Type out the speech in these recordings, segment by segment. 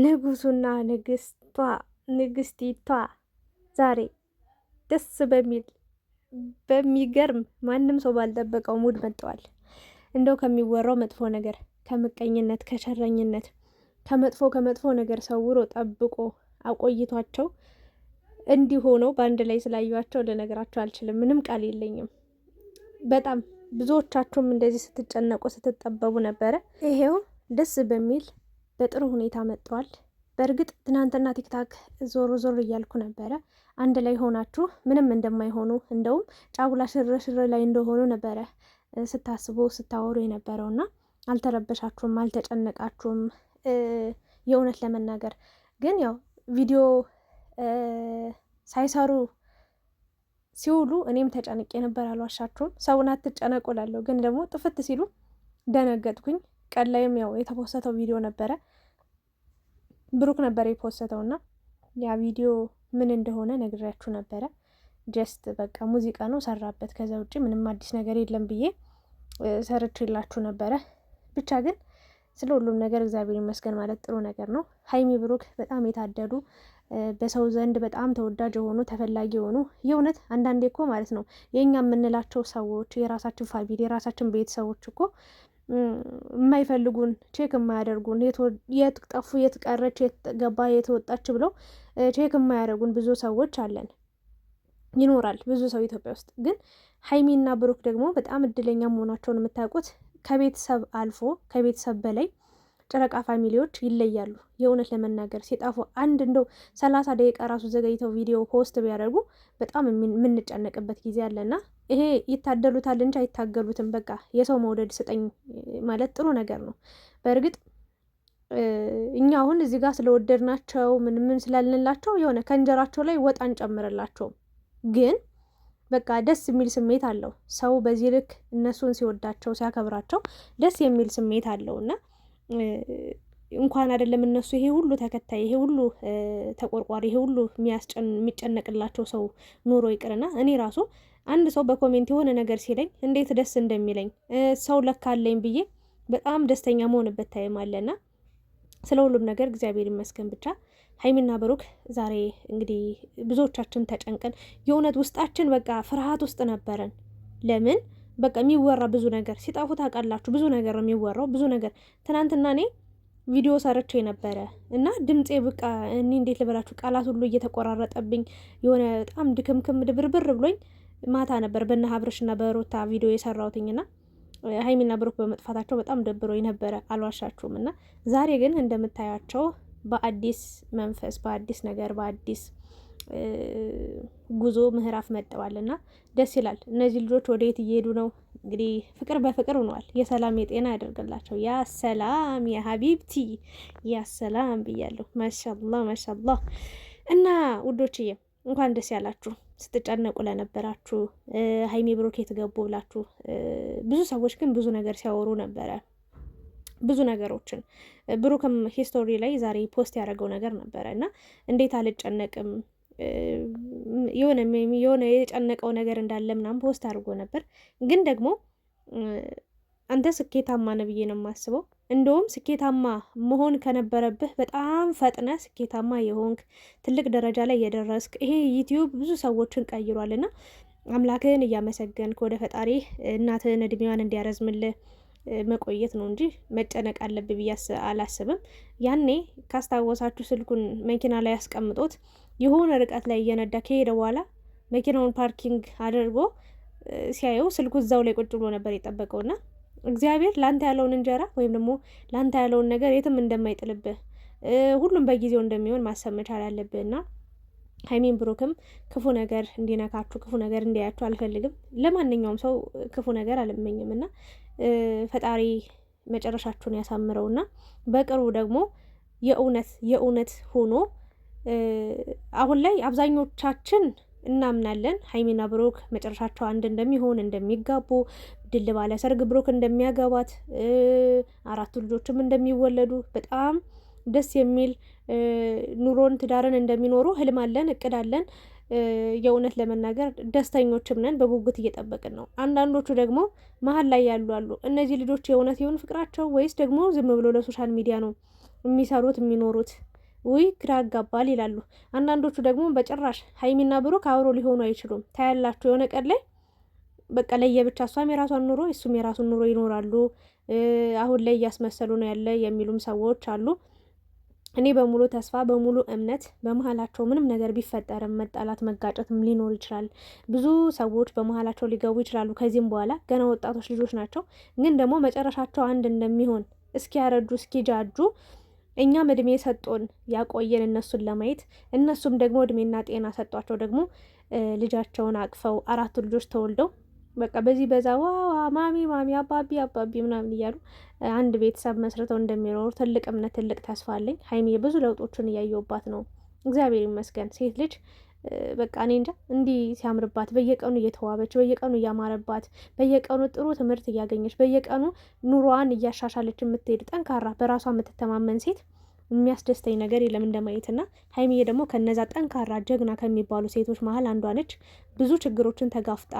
ንጉሱና ንግስቷ ንግስቲቷ ዛሬ ደስ በሚል በሚገርም ማንም ሰው ባልጠበቀው ሙድ መጥተዋል። እንደው ከሚወራው መጥፎ ነገር ከምቀኝነት፣ ከሸረኝነት፣ ከመጥፎ ከመጥፎ ነገር ሰውሮ ጠብቆ አቆይቷቸው እንዲህ በአንድ ላይ ስላዩቸው ልነግራቸው አልችልም። ምንም ቃል የለኝም። በጣም ብዙዎቻችሁም እንደዚህ ስትጨነቁ ስትጠበቡ ነበረ። ይሄው ደስ በሚል በጥሩ ሁኔታ መጥተዋል። በእርግጥ ትናንትና ቲክታክ ዞር ዞር እያልኩ ነበረ። አንድ ላይ ሆናችሁ ምንም እንደማይሆኑ እንደውም ጫጉላ ሽር ሽር ላይ እንደሆኑ ነበረ ስታስቡ ስታወሩ የነበረውና አልተረበሻችሁም፣ አልተጨነቃችሁም። የእውነት ለመናገር ግን ያው ቪዲዮ ሳይሰሩ ሲውሉ እኔም ተጨንቄ ነበር፣ አልዋሻችሁም። ሰውን አትጨነቁ እላለሁ፣ ግን ደግሞ ጥፍት ሲሉ ደነገጥኩኝ። ቀን ላይም ያው የተፖሰተው ቪዲዮ ነበረ ብሩክ ነበር የፖስተው እና ያ ቪዲዮ ምን እንደሆነ ነግሬያችሁ ነበረ። ጀስት በቃ ሙዚቃ ነው ሰራበት። ከዛ ውጭ ምንም አዲስ ነገር የለም ብዬ ሰርቼላችሁ ነበረ። ብቻ ግን ስለ ሁሉም ነገር እግዚአብሔር ይመስገን ማለት ጥሩ ነገር ነው። ሀይሚ ብሩክ በጣም የታደሉ በሰው ዘንድ በጣም ተወዳጅ የሆኑ ተፈላጊ የሆኑ የእውነት አንዳንዴ እኮ ማለት ነው የእኛ የምንላቸው ሰዎች የራሳችን ፋሚሊ የራሳችን ቤተሰቦች እኮ የማይፈልጉን ቼክ የማያደርጉን የት ጠፉ፣ የት ቀረች፣ የት ገባ፣ የት ወጣች ብለው ቼክ የማያደርጉን ብዙ ሰዎች አለን ይኖራል። ብዙ ሰው ኢትዮጵያ ውስጥ ግን ሀይሚና ብሩክ ደግሞ በጣም እድለኛ መሆናቸውን የምታውቁት ከቤተሰብ አልፎ ከቤተሰብ በላይ ጨረቃ ፋሚሊዎች ይለያሉ። የእውነት ለመናገር ሲጣፉ አንድ እንደው ሰላሳ ደቂቃ ራሱ ዘገይተው ቪዲዮ ፖስት ቢያደርጉ በጣም የምንጨነቅበት ጊዜ አለና ይሄ ይታደሉታል እንጂ አይታገሉትም። በቃ የሰው መውደድ ስጠኝ ማለት ጥሩ ነገር ነው። በእርግጥ እኛ አሁን እዚህ ጋር ስለወደድናቸው ምን ምን ስላልንላቸው የሆነ ከእንጀራቸው ላይ ወጥ አንጨምርላቸውም ግን በቃ ደስ የሚል ስሜት አለው። ሰው በዚህ ልክ እነሱን ሲወዳቸው ሲያከብራቸው ደስ የሚል ስሜት አለው እና እንኳን አይደለም እነሱ ይሄ ሁሉ ተከታይ ይሄ ሁሉ ተቆርቋሪ ይሄ ሁሉ የሚጨነቅላቸው ሰው ኑሮ ይቅርና እኔ ራሱ አንድ ሰው በኮሜንት የሆነ ነገር ሲለኝ እንዴት ደስ እንደሚለኝ ሰው ለካለኝ ብዬ በጣም ደስተኛ መሆንበት ታይም አለና ስለ ሁሉም ነገር እግዚአብሔር ይመስገን ብቻ። ሀይሚና ብሩክ ዛሬ እንግዲህ ብዙዎቻችን ተጨንቀን የእውነት ውስጣችን በቃ ፍርሃት ውስጥ ነበረን። ለምን በቃ የሚወራ ብዙ ነገር ሲጠፉ ታውቃላችሁ። ብዙ ነገር ነው የሚወራው፣ ብዙ ነገር። ትናንትና እኔ ቪዲዮ ሰርቼ ነበረ እና ድምፄ በቃ እኔ እንዴት ልበላችሁ፣ ቃላት ሁሉ እየተቆራረጠብኝ የሆነ በጣም ድክምክም ድብርብር ብሎኝ ማታ ነበር በነ ሀብርሽና በሮታ ቪዲዮ የሰራሁትኝና ሀይሚና ብሩክ በመጥፋታቸው በጣም ደብሮኝ ነበረ፣ አልዋሻችሁም። እና ዛሬ ግን እንደምታያቸው በአዲስ መንፈስ፣ በአዲስ ነገር፣ በአዲስ ጉዞ ምህራፍ መጠዋል እና ደስ ይላል። እነዚህ ልጆች ወደ የት እየሄዱ ነው? እንግዲህ ፍቅር በፍቅር ሆነዋል። የሰላም የጤና ያደርግላቸው። ያ ሰላም ያ ሀቢብቲ ያ ሰላም ብያለሁ። ማሻላ ማሻላ። እና ውዶችዬ እንኳን ደስ ያላችሁ። ስትጨነቁ ለነበራችሁ ሀይሜ ብሮክ የተገቡ ገቡ ብላችሁ ብዙ ሰዎች ግን ብዙ ነገር ሲያወሩ ነበረ ብዙ ነገሮችን ብሩክም ሂስቶሪ ላይ ዛሬ ፖስት ያደረገው ነገር ነበረ እና እንዴት አልጨነቅም የሆነ የሆነ የጨነቀው ነገር እንዳለ ምናም ፖስት አድርጎ ነበር። ግን ደግሞ አንተ ስኬታማ ነብዬ ብዬ ነው የማስበው። እንደውም ስኬታማ መሆን ከነበረብህ በጣም ፈጥነ ስኬታማ የሆንክ ትልቅ ደረጃ ላይ የደረስክ ይሄ ዩትዩብ ብዙ ሰዎችን ቀይሯልና አምላክህን እያመሰገንክ ወደ ፈጣሪ እናትህን እድሜዋን እንዲያረዝምልህ መቆየት ነው እንጂ መጨነቅ አለብህ ብዬ አላስብም። ያኔ ካስታወሳችሁ ስልኩን መኪና ላይ ያስቀምጦት የሆነ ርቀት ላይ እየነዳ ከሄደ በኋላ መኪናውን ፓርኪንግ አድርጎ ሲያየው ስልኩ እዛው ላይ ቁጭ ብሎ ነበር የጠበቀው እና እግዚአብሔር ላንተ ያለውን እንጀራ ወይም ደግሞ ላንተ ያለውን ነገር የትም እንደማይጥልብህ ሁሉም በጊዜው እንደሚሆን ማሰብ መቻል አለብህና ሀይሚን ብሩክም ክፉ ነገር እንዲነካችሁ ክፉ ነገር እንዲያያችሁ አልፈልግም። ለማንኛውም ሰው ክፉ ነገር አልመኝም እና ፈጣሪ መጨረሻችሁን ያሳምረውና በቅርቡ ደግሞ የእውነት የእውነት ሆኖ አሁን ላይ አብዛኞቻችን እናምናለን ሀይሚና ብሩክ መጨረሻቸው አንድ እንደሚሆን እንደሚጋቡ ድል ባለ ሰርግ ብሩክ እንደሚያገባት አራቱ ልጆችም እንደሚወለዱ በጣም ደስ የሚል ኑሮን ትዳርን እንደሚኖሩ ህልማለን እቅዳለን የእውነት ለመናገር ደስተኞችም ነን፣ በጉጉት እየጠበቅን ነው። አንዳንዶቹ ደግሞ መሀል ላይ ያሉ አሉ። እነዚህ ልጆች የእውነት ይሁን ፍቅራቸው ወይስ ደግሞ ዝም ብሎ ለሶሻል ሚዲያ ነው የሚሰሩት የሚኖሩት? ውይ ግራ ያጋባል ይላሉ። አንዳንዶቹ ደግሞ በጭራሽ ሀይሚና ብሩክ አብሮ ሊሆኑ አይችሉም። ታያላችሁ የሆነ ቀን ላይ በቃ ለየብቻ እሷም የራሷን ኑሮ እሱም የራሱን ኑሮ ይኖራሉ። አሁን ላይ እያስመሰሉ ነው ያለ የሚሉም ሰዎች አሉ። እኔ በሙሉ ተስፋ በሙሉ እምነት በመሀላቸው ምንም ነገር ቢፈጠርም መጣላት፣ መጋጨትም ሊኖር ይችላል። ብዙ ሰዎች በመሀላቸው ሊገቡ ይችላሉ። ከዚህም በኋላ ገና ወጣቶች ልጆች ናቸው። ግን ደግሞ መጨረሻቸው አንድ እንደሚሆን እስኪያረጁ እስኪጃጁ እኛም እድሜ ሰጦን ያቆየን እነሱን ለማየት እነሱም ደግሞ እድሜና ጤና ሰጧቸው ደግሞ ልጃቸውን አቅፈው አራቱ ልጆች ተወልደው በቃ በዚህ በዛ ዋ ማሚ ማሚ አባቢ አባቢ ምናምን እያሉ አንድ ቤተሰብ መስርተው እንደሚኖሩ ትልቅ እምነት ትልቅ ተስፋ አለኝ። ሀይሜ ብዙ ለውጦችን እያየውባት ነው። እግዚአብሔር ይመስገን ሴት ልጅ በቃ እኔ እንጃ እንዲህ ሲያምርባት በየቀኑ እየተዋበች በየቀኑ እያማረባት በየቀኑ ጥሩ ትምህርት እያገኘች በየቀኑ ኑሯዋን እያሻሻለች የምትሄድ ጠንካራ በራሷ የምትተማመን ሴት የሚያስደስተኝ ነገር የለም እንደማየትና ሀይሚዬ ደግሞ ከነዛ ጠንካራ ጀግና ከሚባሉ ሴቶች መሀል አንዷ ነች። ብዙ ችግሮችን ተጋፍጣ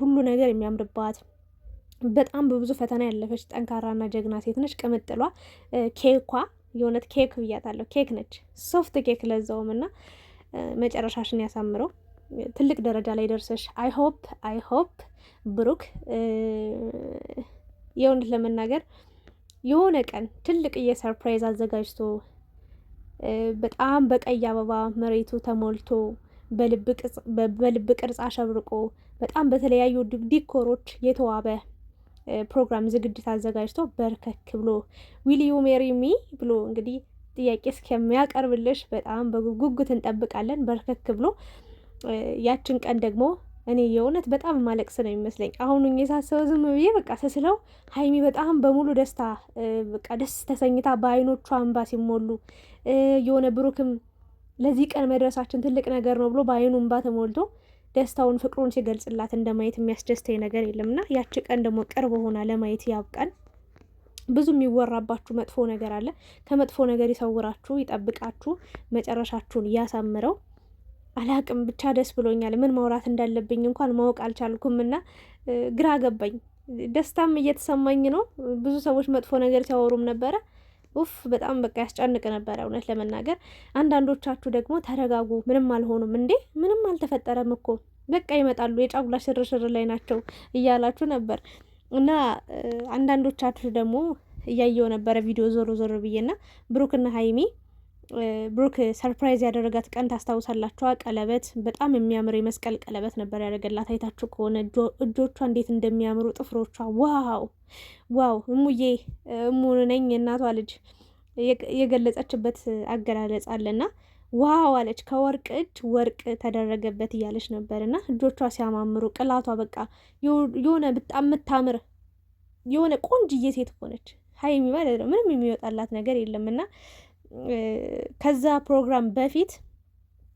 ሁሉ ነገር የሚያምርባት በጣም በብዙ ፈተና ያለፈች ጠንካራና ጀግና ሴት ነች። ቅምጥሏ ኬኳ የእውነት ኬክ ብያታለሁ። ኬክ ነች፣ ሶፍት ኬክ ለዛውም እና መጨረሻሽን ያሳምረው። ትልቅ ደረጃ ላይ ደርሰሽ አይ ሆፕ አይ ሆፕ ብሩክ የእውነት ለመናገር የሆነ ቀን ትልቅዬ ሰርፕራይዝ አዘጋጅቶ በጣም በቀይ አበባ መሬቱ ተሞልቶ በልብ ቅርጽ አሸብርቆ በጣም በተለያዩ ዲኮሮች የተዋበ ፕሮግራም ዝግጅት አዘጋጅቶ በርከክ ብሎ ዊል ዩ ሜሪ ሚ ብሎ እንግዲህ ጥያቄ እስከሚያቀርብልሽ በጣም በጉጉት እንጠብቃለን። በርከክ ብሎ ያችን ቀን ደግሞ እኔ የእውነት በጣም ማለቅስ ነው የሚመስለኝ። አሁኑ የሳሰበ ዝም ብዬ በቃ ስስለው ሀይሚ በጣም በሙሉ ደስታ በቃ ደስ ተሰኝታ በአይኖቿ እንባ ሲሞሉ የሆነ ብሩክም ለዚህ ቀን መድረሳችን ትልቅ ነገር ነው ብሎ በአይኑ እንባ ተሞልቶ ደስታውን ፍቅሩን ሲገልጽላት እንደማየት የሚያስደስተኝ ነገር የለምና ያቺ ቀን ደግሞ ቅርብ ሆና ለማየት ያብቃን። ብዙ የሚወራባችሁ መጥፎ ነገር አለ። ከመጥፎ ነገር ይሰውራችሁ፣ ይጠብቃችሁ፣ መጨረሻችሁን እያሳምረው። አላቅም ብቻ ደስ ብሎኛል። ምን ማውራት እንዳለብኝ እንኳን ማወቅ አልቻልኩም እና ግራ ገባኝ። ደስታም እየተሰማኝ ነው። ብዙ ሰዎች መጥፎ ነገር ሲያወሩም ነበረ። ኡፍ በጣም በቃ ያስጨንቅ ነበረ እውነት ለመናገር። አንዳንዶቻችሁ ደግሞ ተረጋጉ፣ ምንም አልሆኑም እንዴ፣ ምንም አልተፈጠረም እኮ በቃ ይመጣሉ፣ የጫጉላ ሽርሽር ላይ ናቸው እያላችሁ ነበር። እና አንዳንዶቻችሁ ደግሞ እያየው ነበረ ቪዲዮ ዞሮ ዞሮ ብዬና ብሩክና ሀይሚ ብሩክ ሰርፕራይዝ ያደረጋት ቀን ታስታውሳላችኋ? ቀለበት በጣም የሚያምር የመስቀል ቀለበት ነበር ያደረገላት። አይታችሁ ከሆነ እጆቿ እንዴት እንደሚያምሩ ጥፍሮቿ፣ ዋው ዋው! እሙዬ እሙ ነኝ የእናቷ ልጅ የገለጸችበት አገላለጽ አለና ዋው አለች። ከወርቅ እጅ ወርቅ ተደረገበት እያለች ነበር እና እጆቿ ሲያማምሩ ቅላቷ በቃ የሆነ በጣም የምታምር የሆነ ቆንጅዬ ሴት ሆነች። ሀይሚ የሚባል ነው ምንም የሚወጣላት ነገር የለም እና ከዛ ፕሮግራም በፊት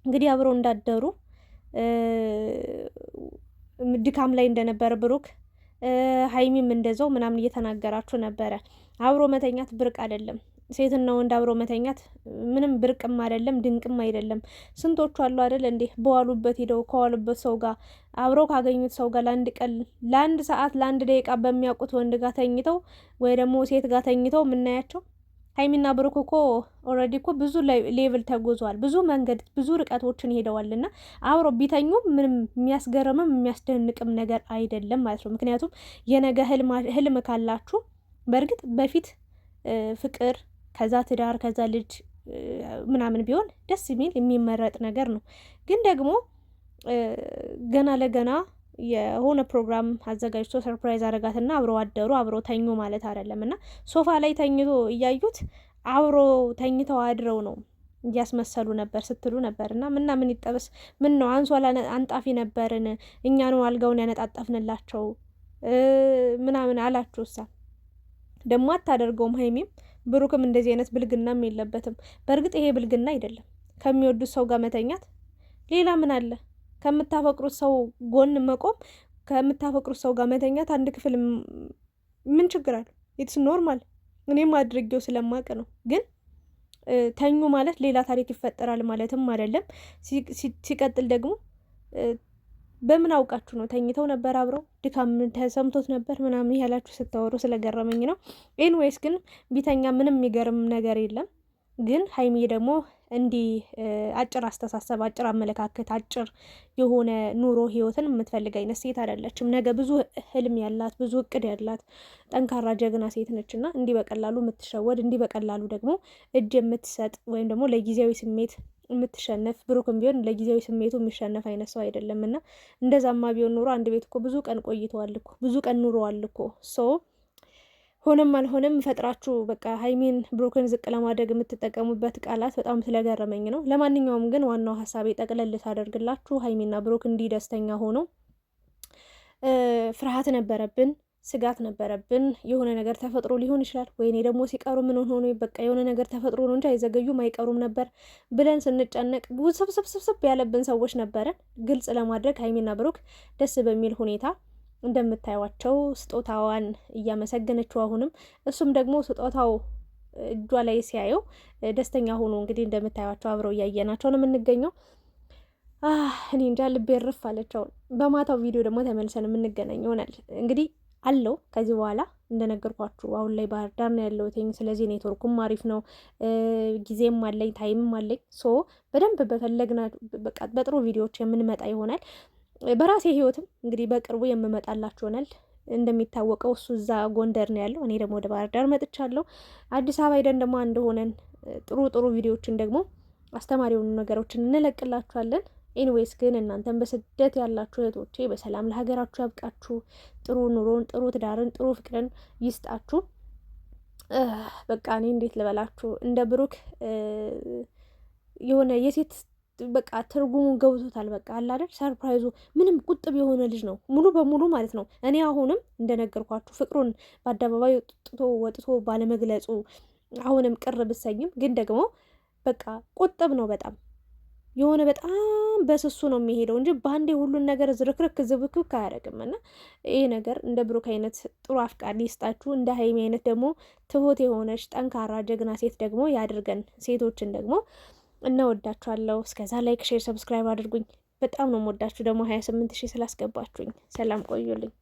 እንግዲህ አብረው እንዳደሩ ድካም ላይ እንደነበረ ብሩክ ሀይሚም እንደዛው ምናምን እየተናገራችሁ ነበረ። አብሮ መተኛት ብርቅ አይደለም። ሴትና ወንድ አብሮ መተኛት ምንም ብርቅም አይደለም ድንቅም አይደለም። ስንቶቹ አሉ አይደል እንዴ በዋሉበት ሄደው ከዋሉበት ሰው ጋር አብረው ካገኙት ሰው ጋር ለአንድ ቀን ለአንድ ሰዓት ለአንድ ደቂቃ በሚያውቁት ወንድ ጋር ተኝተው ወይ ደግሞ ሴት ጋር ተኝተው የምናያቸው። ሀይሚና ብሩክ እኮ ኦልሬዲ እኮ ብዙ ሌቭል ተጉዘዋል፣ ብዙ መንገድ ብዙ ርቀቶችን ሄደዋል እና አብሮ ቢተኙም ምንም የሚያስገርምም የሚያስደንቅም ነገር አይደለም ማለት ነው። ምክንያቱም የነገ ህልም ካላችሁ በእርግጥ በፊት ፍቅር ከዛ ትዳር ከዛ ልጅ ምናምን ቢሆን ደስ የሚል የሚመረጥ ነገር ነው። ግን ደግሞ ገና ለገና የሆነ ፕሮግራም አዘጋጅቶ ሰርፕራይዝ አረጋትና አብሮ አደሩ አብሮ ተኙ ማለት አይደለም እና ሶፋ ላይ ተኝቶ እያዩት አብሮ ተኝተው አድረው ነው እያስመሰሉ ነበር ስትሉ ነበር እና ምና ምን ይጠበስ ምን ነው አንሶላ አንጣፊ ነበርን እኛ ነው አልጋውን ያነጣጠፍንላቸው ምናምን አላችሁ። እሳ ደግሞ አታደርገውም ሀይሚም ብሩክም እንደዚህ አይነት ብልግናም የለበትም። በእርግጥ ይሄ ብልግና አይደለም። ከሚወዱት ሰው ጋር መተኛት ሌላ ምን አለ? ከምታፈቅሩት ሰው ጎን መቆም፣ ከምታፈቅሩት ሰው ጋር መተኛት አንድ ክፍል ምን ችግር ኢትስ ኖርማል። እኔም አድርጌው ስለማቅ ነው ግን ተኙ ማለት ሌላ ታሪክ ይፈጠራል ማለትም አይደለም። ሲቀጥል ደግሞ በምን አውቃችሁ ነው? ተኝተው ነበር አብረው ድካም ተሰምቶት ነበር ምናምን ያላችሁ ስታወሩ ስለገረመኝ ነው። ኤንዌይስ ግን ቢተኛ ምንም የሚገርም ነገር የለም። ግን ሀይሜ ደግሞ እንዲህ አጭር አስተሳሰብ፣ አጭር አመለካከት፣ አጭር የሆነ ኑሮ ህይወትን የምትፈልግ አይነት ሴት አይደለችም። ነገ ብዙ ህልም ያላት ብዙ እቅድ ያላት ጠንካራ ጀግና ሴት ነች እና እንዲህ በቀላሉ የምትሸወድ እንዲህ በቀላሉ ደግሞ እጅ የምትሰጥ ወይም ደግሞ ለጊዜያዊ ስሜት የምትሸነፍ ብሩክም ቢሆን ለጊዜያዊ ስሜቱ የሚሸነፍ አይነት ሰው አይደለም እና እንደዛማ ቢሆን ኑሮ አንድ ቤት እኮ ብዙ ቀን ቆይተዋል እኮ ብዙ ቀን ኑረዋል እኮ ሶ ሆነም አልሆነም ፈጥራችሁ በቃ ሀይሚን ብሩክን ዝቅ ለማድረግ የምትጠቀሙበት ቃላት በጣም ስለገረመኝ ነው። ለማንኛውም ግን ዋናው ሀሳቤ ጠቅለል ሳደርግላችሁ ሀይሚና ብሩክ እንዲህ ደስተኛ ሆኖ ፍርሃት ነበረብን። ስጋት ነበረብን። የሆነ ነገር ተፈጥሮ ሊሆን ይችላል፣ ወይኔ ደግሞ ሲቀሩ ምን ሆኖ በቃ የሆነ ነገር ተፈጥሮ ነው እንጂ አይዘገዩም አይቀሩም ነበር ብለን ስንጨነቅ ሰብሰብሰብሰብ ያለብን ሰዎች ነበረን። ግልጽ ለማድረግ ሀይሚና ብሩክ ደስ በሚል ሁኔታ እንደምታዩዋቸው ስጦታዋን እያመሰገነችው አሁንም እሱም ደግሞ ስጦታው እጇ ላይ ሲያየው ደስተኛ ሆኖ እንግዲህ እንደምታዩዋቸው አብረው እያየናቸው ነው የምንገኘው። እኔ እንጃ ልቤ ርፍ አለች። አሁን በማታው ቪዲዮ ደግሞ ተመልሰን የምንገናኝ ይሆናል እንግዲህ አለው ከዚህ በኋላ እንደነገርኳችሁ አሁን ላይ ባህር ዳር ነው ያለሁት። ስለዚህ ኔትወርኩም አሪፍ ነው፣ ጊዜም አለኝ፣ ታይምም አለኝ። ሶ በደንብ በፈለግና በቃ በጥሩ ቪዲዮዎች የምንመጣ ይሆናል። በራሴ ህይወትም እንግዲህ በቅርቡ የምመጣላችሁ ይሆናል። እንደሚታወቀው እሱ እዛ ጎንደር ነው ያለው፣ እኔ ደግሞ ወደ ባህር ዳር መጥቻለሁ። አዲስ አበባ ሄደን ደግሞ አንድ ሆነን ጥሩ ጥሩ ቪዲዮዎችን ደግሞ አስተማሪ የሆኑ ነገሮችን እንለቅላችኋለን። ኤኒዌይስ ግን እናንተን በስደት ያላችሁ እህቶቼ በሰላም ለሀገራችሁ ያብቃችሁ። ጥሩ ኑሮን፣ ጥሩ ትዳርን፣ ጥሩ ፍቅርን ይስጣችሁ። በቃ እኔ እንዴት ልበላችሁ እንደ ብሩክ የሆነ የሴት በቃ ትርጉሙ ገብቶታል። በቃ አላደር ሰርፕራይዙ ምንም ቁጥብ የሆነ ልጅ ነው ሙሉ በሙሉ ማለት ነው። እኔ አሁንም እንደነገርኳችሁ ፍቅሩን በአደባባይ ወጥቶ ወጥቶ ባለመግለጹ አሁንም ቅር ብሰኝም ግን ደግሞ በቃ ቁጥብ ነው በጣም የሆነ በጣም በስሱ ነው የሚሄደው እንጂ በአንዴ ሁሉን ነገር ዝርክርክ ዝብክክ አያደርግም። እና ይህ ነገር እንደ ብሩክ አይነት ጥሩ አፍቃሪ ይስጣችሁ። እንደ ሀይሚ አይነት ደግሞ ትሁት የሆነች ጠንካራ ጀግና ሴት ደግሞ ያድርገን። ሴቶችን ደግሞ እናወዳችኋለሁ። እስከዛ ላይክ፣ ሼር፣ ሰብስክራይብ አድርጉኝ። በጣም ነው የምወዳችሁ ደግሞ ሀያ ስምንት ሺህ ስላስገባችሁኝ። ሰላም ቆዩልኝ።